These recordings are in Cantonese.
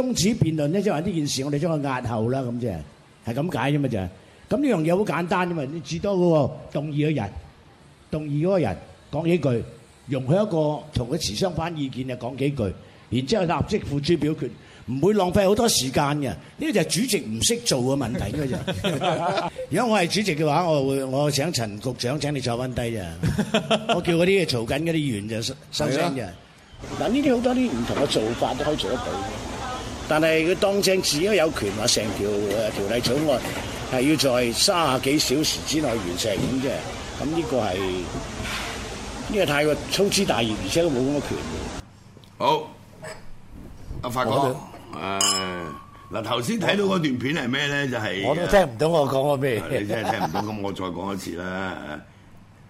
終止辯論咧，即係話呢件事我們將，我哋將佢壓後啦，咁即係，係咁解啫嘛，就咁呢樣嘢好簡單啫嘛，你至多嗰個動議嗰人，動議嗰個人講幾句，容許一個同佢持相反意見嘅講幾句，然之後立即付諸表決，唔會浪費好多時間嘅。呢個就係主席唔識做嘅問題，啫嘛。如果我係主席嘅話，我會我請陳局長請你坐翻低啫，我叫嗰啲嘈緊嗰啲議員就收聲啫。嗱，呢啲好多啲唔同嘅做法都可以做得到。但係佢當正自己有權話成條條例草案係要在三十幾小時之內完成咁啫，咁呢個係呢個太過粗枝大葉，而且都冇咁嘅權嘅。好，阿、啊、發講啦。誒，嗱頭先睇到嗰段片係咩咧？就係、是、我都聽唔到我講過咩。你真係聽唔到，咁我再講一次啦。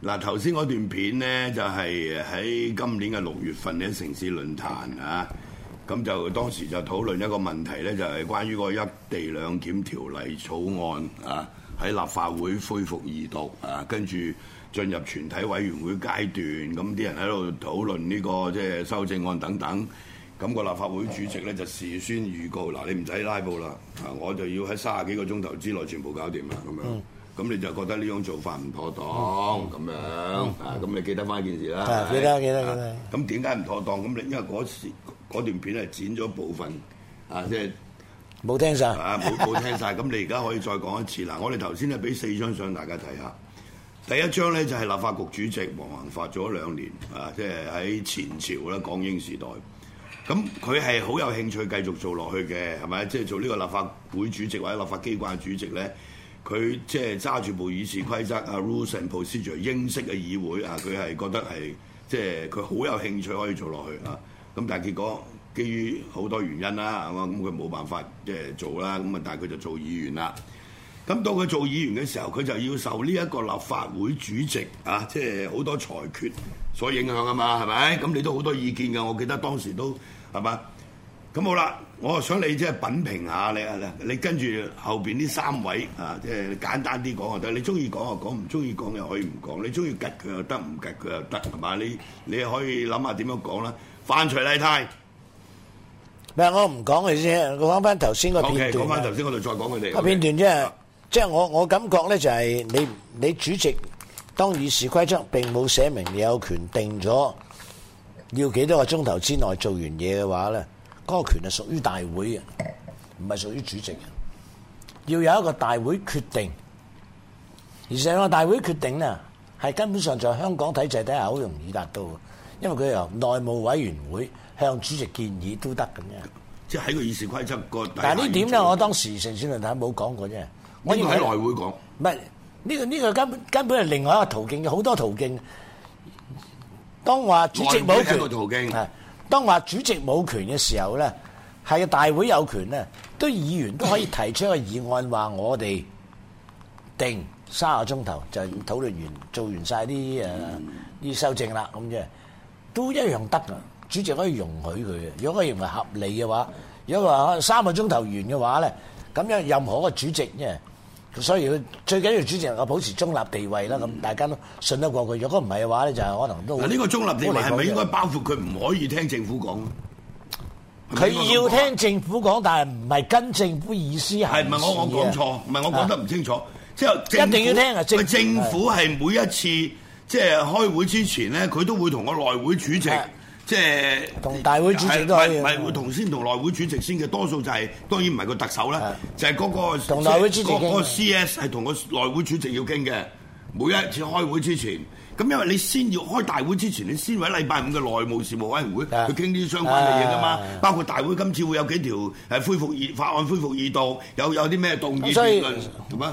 嗱頭先嗰段片咧，就係、是、喺今年嘅六月份嘅城市論壇啊。 咁就當時就討論一個問題咧，就係關於個一地兩檢條例草案啊，喺立法會恢復二讀，啊，跟住進入全體委員會階段，咁啲人喺度討論呢個即係修正案等等。咁個立法會主席咧就事先預告嗱，你唔使拉布啦，我就要喺三十幾個鐘頭之內全部搞掂啦。咁樣咁你就覺得呢種做法唔妥當咁樣啊？咁你記得翻一件事啦，記得記得。咁點解唔妥當？咁你因為嗰時。嗰段片咧剪咗部分啊，即係冇聽晒。冇、啊、冇聽晒咁 你而家可以再講一次嗱、啊，我哋頭先咧俾四張相大家睇下。第一張咧就係、是、立法局主席黃宏發做咗兩年啊，即係喺前朝咧港、啊、英時代。咁佢係好有興趣繼續做落去嘅，係咪？即、就、係、是、做呢個立法會主席或者立法機關嘅主席咧，佢即係揸住部議事規則啊，rules and procedure 英式嘅議會啊，佢係覺得係即係佢好有興趣可以做落去啊。咁但係結果，基於好多原因啦，係嘛，咁佢冇辦法即係做啦。咁啊，但係佢就做議員啦。咁當佢做議員嘅時候，佢就要受呢一個立法會主席啊，即係好多裁決所影響啊嘛，係咪？咁你都好多意見㗎。我記得當時都係嘛。咁好啦，我啊想你即係品評下你啊，你跟住後邊呢三位啊，即係簡單啲講啊。但你中意講就講，唔中意講又可以唔講。你中意吉佢又得，唔吉佢又得，係嘛？你，你可以諗下點樣講啦。范徐麗泰，唔係我唔講佢先，講翻頭先個片段。講翻頭先，我哋再講佢哋個片段，okay。即係即係我我感覺咧就係你你主席當議事規則並冇寫明你有權定咗要幾多個鐘頭之內做完嘢嘅話咧，嗰、那個權係屬於大會嘅，唔係屬於主席。要有一個大會決定，而且個大會決定啊，係根本上在香港體制底下好容易達到的。因為佢由內務委員會向主席建議都得咁樣，即係喺個議事規則，但係呢點咧，我當時成選論壇冇講過啫、這個。我要喺內會講。唔係呢個呢個根本根本係另外一個途徑，好多途徑。當話主席冇權，途徑當話主席冇權嘅時候咧，係大會有權咧，都議員都可以提出個議案，話我哋定三個鐘頭就討論完，做完晒啲誒啲修正啦，咁、嗯、啫。都一樣得啊！主席可以容許佢嘅，如果佢認為合理嘅話，如果話三個鐘頭完嘅話咧，咁樣任何個主席啫，所以佢最緊要的主席能夠保持中立地位啦。咁、嗯、大家都信得過佢。如果唔係嘅話咧，就係可能都嗱呢、這個中立地位係咪應該包括佢唔可以聽政府講？佢要聽政府講，但係唔係跟政府意思、啊？係唔係我我講錯？唔係我講得唔清楚？之、啊、後一定要聽啊！政政府係每一次。即係開會之前咧，佢都會同個內會主席，即係同大會主席都係。係會同先同內會主席先嘅，多數就係、是、當然唔係個特首啦，就係、是、嗰、那個同大會主席。嗰、那個、CS 係同個內會主席要傾嘅，每一次開會之前。咁因為你先要開大會之前，你先喺禮拜五嘅內務事務委會去傾啲相關嘅嘢㗎嘛，包括大會今次會有幾條恢復法案恢復二讀，有有啲咩動議討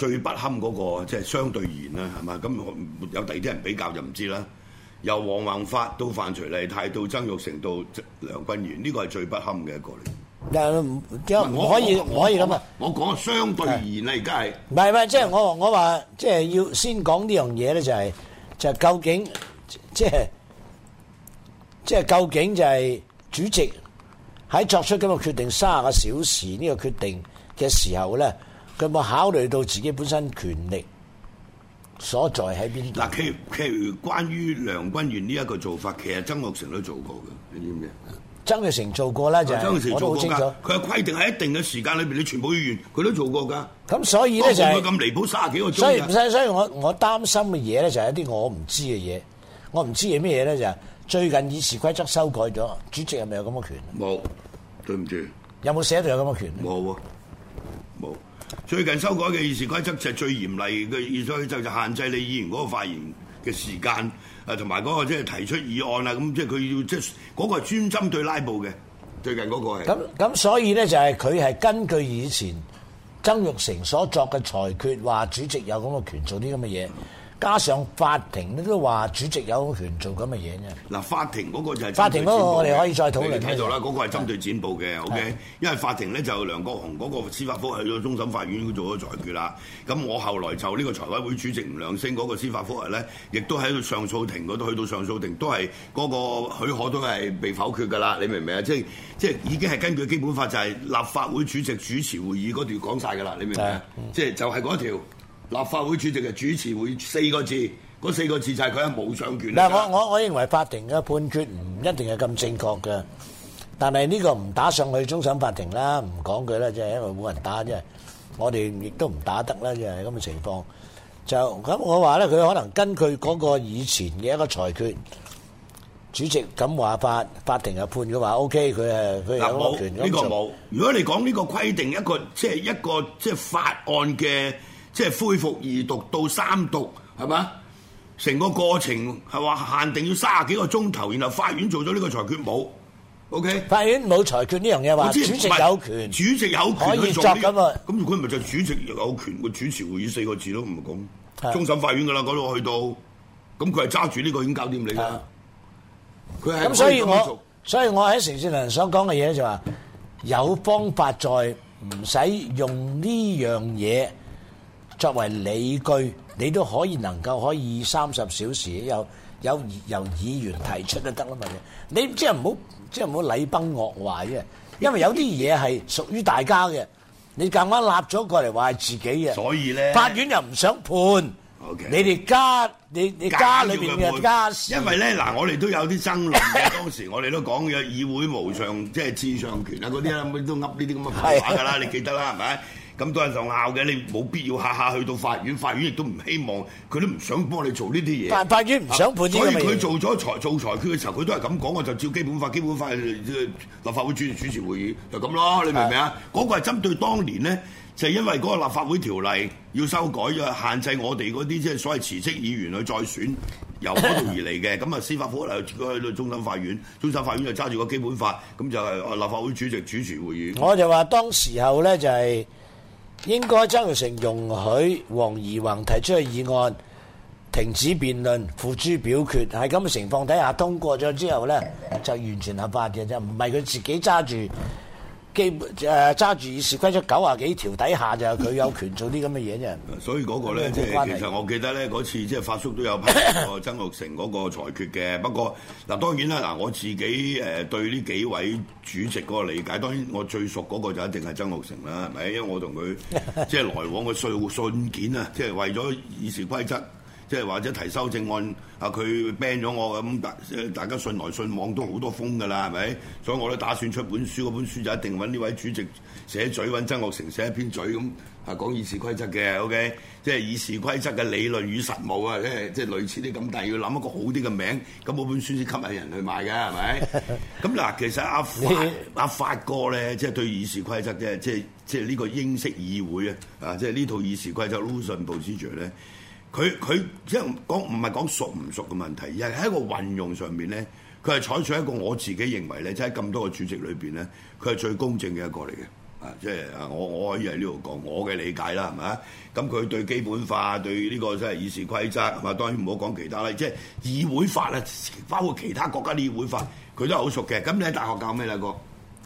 最不堪嗰、那個，即係相對而言啦，係嘛？咁有第二啲人比較就唔知啦。由黃宏發到范徐麗泰到曾玉成到梁君彥，呢、這個係最不堪嘅一個嚟。但唔，我可以，我可以諗啊！我講相對而言啦，而家係唔係唔係？即係、就是、我我話，即、就、係、是、要先講呢樣嘢咧，就係、是、就究竟即係即係究竟就係主席喺作出咁嘅決定三十個小時呢個決定嘅時候咧？佢冇考慮到自己本身權力所在喺邊度。嗱，其其關於梁君彥呢一個做法，其實曾鈺成都做過嘅，你知唔知？曾鈺成做過咧就是曾鈺成做過，我好清楚。佢規定喺一定嘅時間裏邊，你全部議員佢都做過噶。咁所以咧就是，咁離譜卅幾個鐘。所以，唔使。所以我我擔心嘅嘢咧就係一啲我唔知嘅嘢。我唔知係咩嘢咧就係、是、最近議事規則修改咗，主席係咪有咁嘅權？冇，對唔住。有冇寫到有咁嘅權？冇啊，冇。最近修改嘅議事規則就係最嚴厲嘅議事規則，所以就就限制你議員嗰個發言嘅時間，誒同埋嗰個即係提出議案啦。咁即係佢要即係嗰個係專針對拉布嘅，最近嗰個係。咁咁所以咧就係佢係根據以前曾鈺成所作嘅裁決，話主席有咁嘅權做啲咁嘅嘢。加上法庭咧都話主席有權做咁嘅嘢嘅。嗱，法庭嗰個就係法庭嗰個，我哋可以再討論。你睇到啦，嗰個係針對展報嘅，OK。因為法庭咧就係、梁國雄嗰個司法科去咗終審法院做咗裁決啦。咁我後來就呢個財委會主席吳亮星嗰個司法科咧，亦都喺個上訴庭嗰度去到上訴庭都係嗰個許可都係被否決㗎啦。你明唔明啊？即係即係已經係根據基本法就係、係、立法會主席主持會議嗰段講晒㗎啦。你明唔明？即係就係嗰條。立法會主席嘅主持會四個字，嗰四個字就係佢嘅無上權。嗱，我我我認為法庭嘅判決唔一定係咁正確嘅，但係呢個唔打上去終審法庭啦，唔講佢啦，就係因為冇人打，即係我哋亦都唔打得啦，即係咁嘅情況。就咁，我話咧，佢可能根據嗰個以前嘅一個裁決，主席咁話法，法庭又判嘅話，OK，佢係佢有權呢個冇。如果你講呢個規定一個即係一個即係法案嘅。即係恢復二讀到三讀，係嘛？成個過程係話限定要卅幾個鐘頭，然後法院做咗呢個裁決冇。O K。Okay? 法院冇裁決呢樣嘢話。主席有權。主席有權可以作咁啊？咁如果唔係就主席有權個主，主，主，主持會議四個字咯，唔係講終審法院噶啦，嗰度去到，咁佢係揸住呢個已經搞掂你啦。佢係咁，所以我在所以我喺城市人想講嘅嘢就話、是、有方法在，唔使用呢樣嘢。作為理據，你都可以能夠可以三十小時有有由議員提出就得啦嘛，你即係唔好即係唔好禮崩樂壞嘅，因為有啲嘢係屬於大家嘅，你咁啱立咗過嚟話係自己嘅，所以咧法院又唔想判。你哋家你你家裏邊嘅家事，因為咧嗱，我哋都有啲爭論嘅，當時我哋都講嘅議會無上， 即係至上權啊嗰啲啊，都噏呢啲咁嘅廢話㗎啦，你記得啦係咪？ 咁多人就鬧嘅，你冇必要下下去到法院，法院亦都唔希望，佢都唔想幫你做呢啲嘢。但法院唔想判你做，所以佢做咗裁，做裁決嘅時候，佢都係咁講，我就照基本法，基本法立法會主席主持會議，就咁咯。你明唔明啊？嗰 個係針對當年呢，就係、是、因為嗰個立法會條例要修改咗，限制我哋嗰啲即係所謂辭職議員去再選，由嗰度而嚟嘅。咁啊，司法覆核去到終審法院，終審法院就揸住個基本法，咁就係立法會主席主持會議。我就話當時候呢、就是，就係。應該曾鈺成容許黃宜弘提出嘅議案，停止辯論，付諸表決。喺咁嘅情況底下通過咗之後呢，就完全合法嘅就唔係佢自己揸住。基本揸住議事規則九啊幾條底下，就係佢有權做啲咁嘅嘢啫。所以嗰個咧，即係其實我記得咧，嗰次即係法叔都有批過曾鈺成嗰個裁決嘅。 不過嗱，當然啦，嗱我自己誒對呢幾位主席嗰個理解，當然我最熟嗰個就一定係曾鈺成啦，係咪？因為我同佢 即係來往嘅稅信件啊，即係為咗議事規則。即係或者提修正案，啊佢 ban 咗我咁大，大家信來信往都好多封㗎啦，係咪？所以我都打算出本書，本書就一定揾呢位主席寫嘴，揾曾鈺成寫一篇嘴咁啊講議事規則嘅，OK？即係議事規則嘅理論與實務啊，即係即係類似啲咁，但係要諗一個好啲嘅名，咁嗰本書先吸引人去買㗎，係咪？咁 嗱，其實阿阿發哥咧，即係對議事規則嘅，即係即係呢個英式議會啊，啊，即係呢套議事規則 l a w s u i c e 咧。佢佢即係講唔係講熟唔熟嘅問題，而係喺一個運用上面咧，佢係採取一個我自己認為咧，即係咁多個主席裏面咧，佢係最公正嘅一個嚟嘅。啊，即係我我可以喺呢度講我嘅理解啦，係咪啊？咁佢對基本法、對呢個即係議事規則，咁啊當然唔好講其他啦。即係議會法啊，包括其他國家嘅議會法，佢都係好熟嘅。咁你喺大學教咩咧，哥？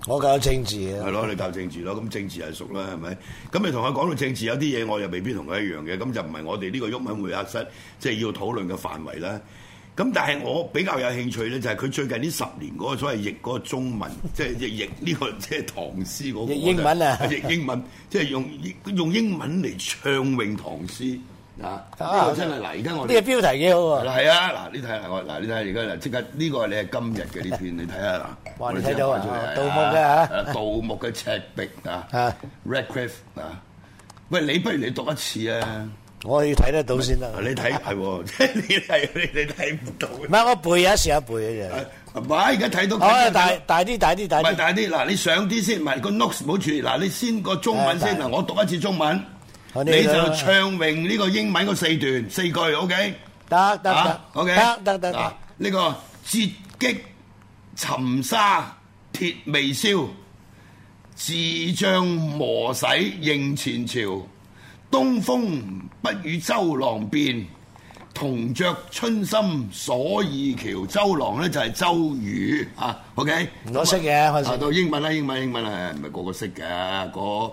我教政治啊！係 咯，你教政治咯，咁政治係熟啦，係咪？咁你同佢講到政治有啲嘢，我又未必同佢一樣嘅，咁就唔係我哋呢個毓民會客室即係、就是、要討論嘅範圍啦。咁但係我比較有興趣咧，就係佢最近呢十年嗰個所謂譯嗰個中文，即 係譯、這個就是、譯呢、這個即係、就是、唐詩嗰、那個 英文啊？ 譯英文，即、就、係、是、用用英文嚟唱詠唐詩。嗱、啊，呢個真係嗱，而家我呢個標題幾好喎。係啦，係啊，嗱、這個啊，你睇下嗱，你睇下而家嗱，即刻呢、這個你係今日嘅呢段，你睇下嗱，哇，你睇到啊？盜墓嘅嚇，盜墓嘅赤壁啊，Red Cliff 啊。喂，你不如你讀一次啊。我要睇得到先啦、啊。你睇係喎，你睇 你睇唔到、啊啊啊啊、到。唔係我背啊，時啊背啊嘢。唔係而家睇到。大大啲大啲大啲，大啲嗱，你上啲先，唔係個 notes 冇住嗱，你先個中文先嗱，我讀一次中文。你就唱詠呢個英文個四段四句，OK？得得得，OK？得得得，呢個折戟沉沙鐵未銷，自將磨洗認前朝。東風不與周郎便，銅雀春深鎖二喬。周郎咧就係周瑜啊，OK？我識嘅，開始。啊，到英文啦，英文，英文啊，唔係個個識嘅，個。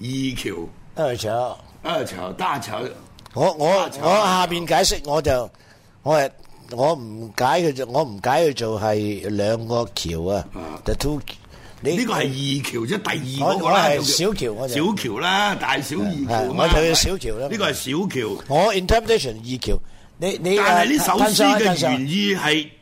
二橋，二橋，二橋，大橋。我我我下邊解釋，我就我係我唔解佢就，我唔解佢做係兩個橋啊。就、啊、two，呢個係二橋啫，第二嗰個係小橋，小橋啦，大小二橋啦，我小橋啦，呢、這個係小橋。我 interpretation 二橋，你你、啊、但係呢首詩嘅原意係。啊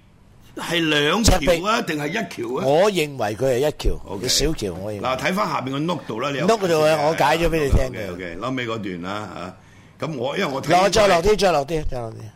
係兩條啊，定係一條啊？我認為佢係一條，小橋我認為。嗱，睇翻下面個 note 度啦，你，note 度啊，我解咗俾你聽嘅。OK，OK，收尾嗰段啦嚇。咁我因為我聽落啲，再落啲，再落啲，再落啲。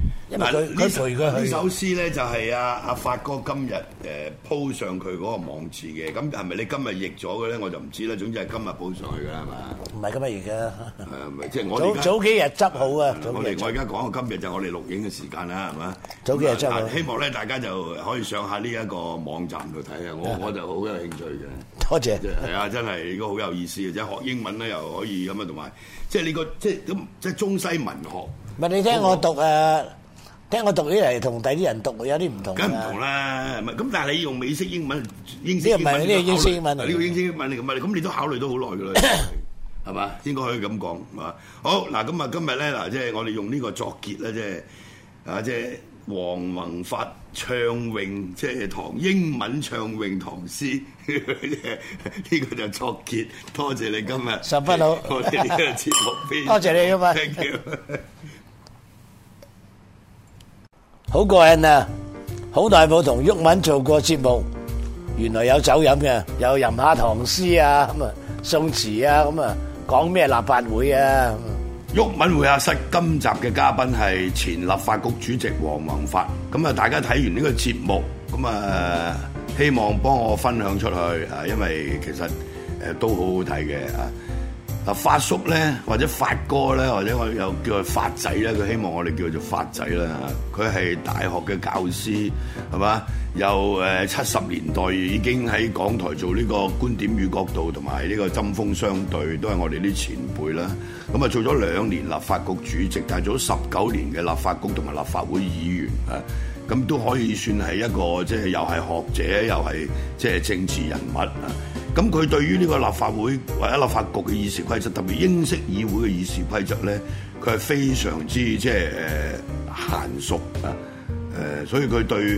呢首呢首詩咧就係阿阿法哥今日誒鋪上佢嗰個網址嘅，咁係咪你今日譯咗嘅咧？我就唔知啦。總之係今日鋪上去㗎啦，係嘛？唔係今日而家。誒，即係我哋早早幾日執好啊！我哋我而家講到今日就我哋錄影嘅時間啦，係嘛？早幾日執好。希望咧大家就可以上下呢一個網站度睇下。我我就好有興趣嘅。多謝。係啊，真係呢個好有意思嘅，即係學英文咧又可以咁啊，同埋即係呢個即係咁即係中西文學。唔係你聽我讀誒。呃聽我讀呢嚟同第啲人讀有啲唔同，梗唔同啦。咁、嗯，但係你用美式英文，英式英文呢個英式英文嚟嘅，咁你都考慮咗好耐㗎啦，係嘛？ 應該可以咁講係嘛？好嗱，咁啊今日咧嗱，即係我哋用呢個作結咧，即係啊，即係黃宏發唱詠，即係唐英文唱詠唐詩，呢個就作結。多謝你今日十分好。我啲啲都係黐毛，多謝你，阿媽。好過癮啊！好耐冇同毓民做過節目，原來有酒飲嘅，有吟下唐詩啊，咁啊宋詞啊，咁啊講咩立法會啊？毓民會客室，今集嘅嘉賓係前立法局主席黃宏發，咁啊大家睇完呢個節目，咁啊希望幫我分享出去，啊因為其實誒都好好睇嘅啊。嗱，發叔咧，或者發哥咧，或者我又叫佢發仔咧，佢希望我哋叫佢做發仔啦。佢係大學嘅教師，係嘛？又誒七十年代已經，喺港台做呢個觀點與角度，同埋呢個針鋒相對，都係我哋啲前輩啦。咁啊，做咗兩年立法局主席，但係做咗十九年嘅立法局同埋立法會議員啊，咁都可以算係一個即係、就是、又係學者，又係即係政治人物啊！咁佢對於呢個立法會或者立法局嘅議事規則，特別英式議會嘅議事規則咧，佢係非常之即係誒嫻熟、呃呃。啊！所以佢對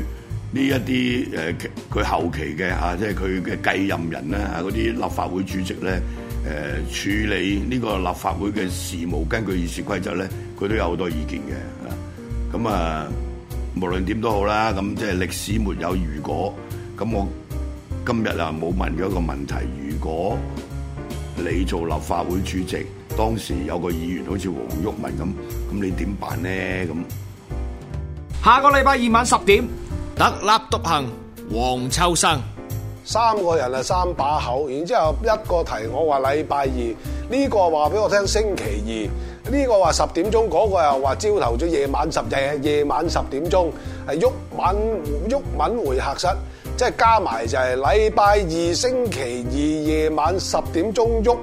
呢一啲佢後期嘅即係佢嘅繼任人咧嗰啲立法會主席咧誒、呃、處理呢個立法會嘅事務，根據議事規則咧，佢都有好多意見嘅啊！咁啊，無論點都好啦，咁即係歷史沒有如果，咁我。今日啊冇問咗一個問題，如果你做立法會主席，當時有個議員好似黃毓民咁，咁你點辦咧？咁下個禮拜二晚十點，特立獨行，黃秋生，三個人啊三把口，然之後一個提我話禮拜二，呢個話俾我聽星期二，呢個話十點鐘，嗰個又話朝頭早夜晚十夜夜晚十點鐘，係毓民毓民會客室。即係加埋就係禮拜二星期二夜晚十點鐘毓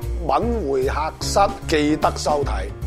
民會客室，記得收睇。